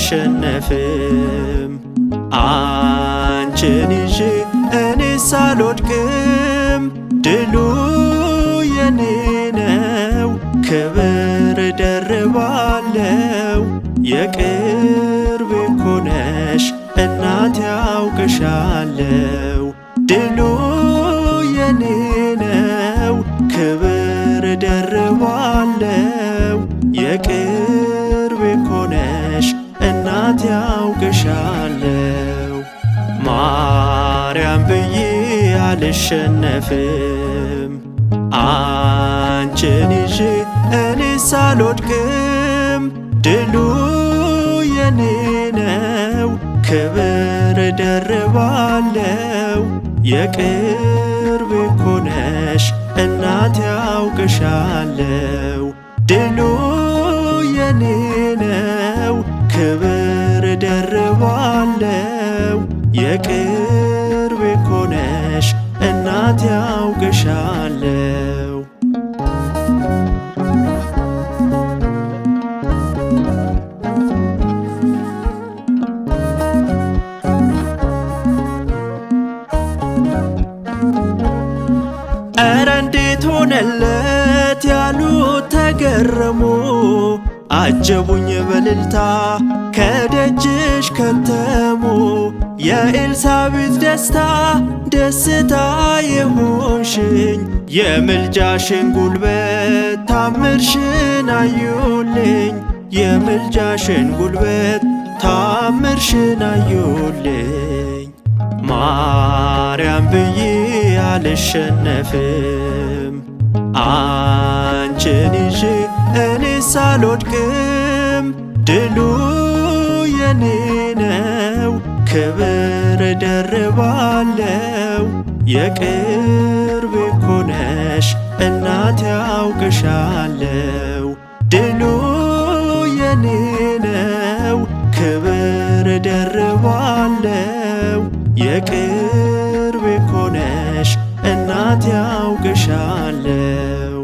አልሸነፍም። አንቺን ይዤ እኔ ሳልወድቅም ድሉ የኔ ነው። ክብር ደርባለው የቅርብ ኮነሽ እናት ያውቅሻለው ድሉ የኔ ነው። ክብር ደርባለው አልሸነፍም አንቺን ይዤ እኔ ሳልወድቅም ድሉ የኔ ነው ክብር ደርባለው የቅርብ ኮነሽ እናት ያውቅሻለው ድሉ የኔ ነው ክብር ደርባለው የቅር በፍርሃት ያውቅሻለው ኧረ እንዴት ሆነለት ያሉት ተገረሙ አጀቡኝ በልልታ ከደጅሽ ከተሙ የኤልሳቤጥ ደስታ ደስታ የሆንሽኝ የምልጃሽን ጉልበት ታምርሽን አዩልኝ የምልጃሽን ጉልበት ታምርሽን አዩልኝ ማርያም ብዬ አልሸነፍም አንቺን ይዤ እኔ ሳልወድቅም ድሉ የኔ ነው። ክብር ደርባለው የቅርብ ኮነሽ እናት ያውቅሻል በምልጃት ያውቅሻለው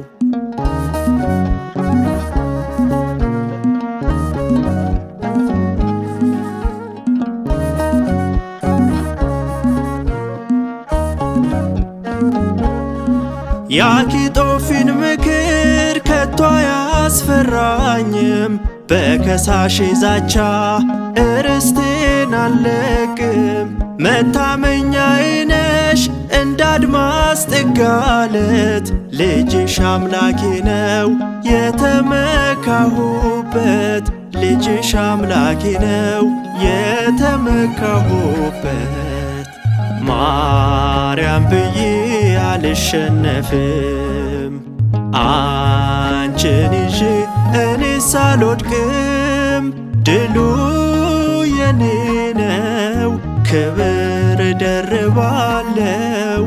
የአኪጦፊን ምክር ከቶ አያስፈራኝም። በከሳሽ ዛቻ እርስቴን አለቅም መታመኛዬ ነሽ እንደ አድማስ ጥጋለት ልጅሽ አምላኬ ነው የተመካሁበት ልጅሽ አምላኬ ነው የተመካሁበት ማርያም ብዬ አልሸነፍም አንቺን ይዤ እኔ ክብር ደርባለው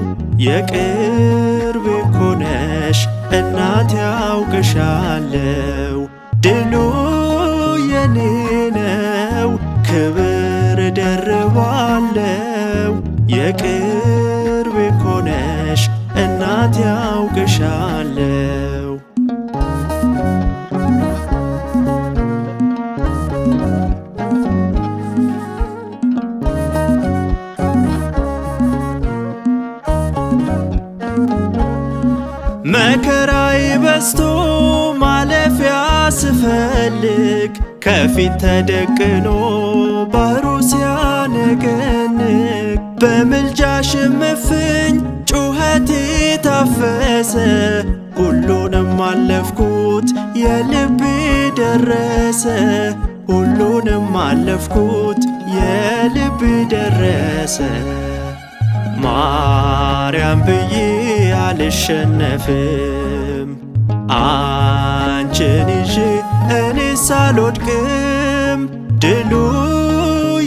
የቅርቤ እኮ እናት እናቴ ያውቅሻለው ድሉ የኔ ነው ክብር ደርባለው የቅርቤ እኮ እናት እናቴ ያውቅሻለው መከራይ በስቶ ማለፊያ ስፈልግ ከፊት ተደቅኖ ባህሩ ሲያነገንግ በምልጃ ሽምፍኝ ጩኸቴ ታፈሰ ሁሉንም አለፍኩት የልቤ ደረሰ ሁሉንም አለፍኩት የልቤ ደረሰ ማርያም ብዬ አልሸነፍም አንቺን ይዤ እኔ ሳልወድቅም ድሉ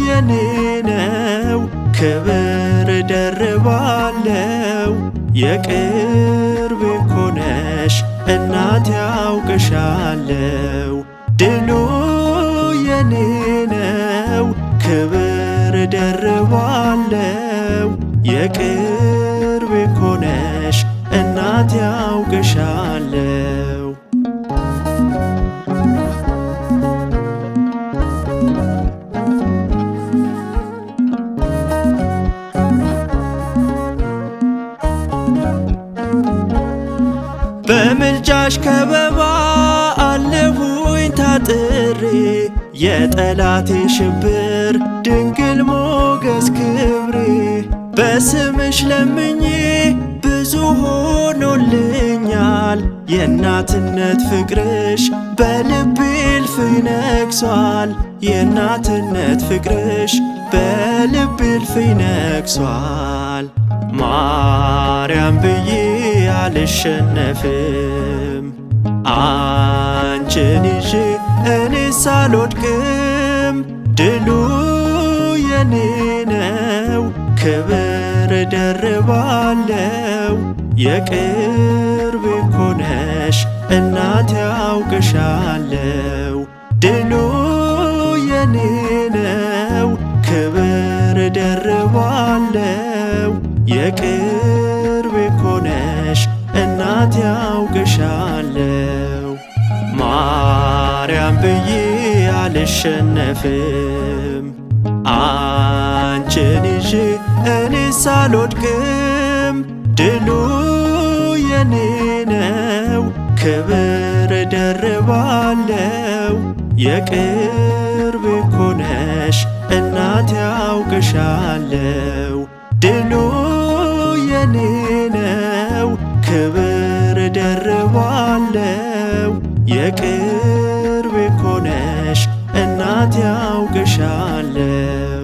የኔ ነው ክብር ደርባለው የቅር በቅርቤ እኮ ነሽ እናቴ አውቅሻለሁ። በምልጃሽ ከበባ አለሁኝ ታጥሬ የጠላቴ ሽብር ድንግል ሞገስ ክብሬ በስምሽ ለምኜ ብዙ ሆኖልኛል የእናትነት ፍቅርሽ በልቤ እልፍ ይነግሷል የእናትነት ፍቅርሽ በልቤ እልፍ ነግሷል ማርያም ብዬ አልሸነፍም አንቺን ይዤ እኔ ሳልወድቅም ድሉ የኔ ነው በክብር ደርባለው የቅርብ ኮነሽ እናት ያውቅሻለው ድሉ የኔ ነው ክብር ደርባለው የቅርብ ኮነሽ እናት ያውቅሻለው ማርያም ብዬ አልሸነፍም አንቺን እኔስ አልወድቅም፣ ድሉ የኔ ነው። ክብር ደርባለው የቅርብ ኮነሽ እናት ያውቅሻለው ድሉ የኔ ነው። ክብር ደርባለው የቅርብ ኮነሽ እናት ያውቅሻለው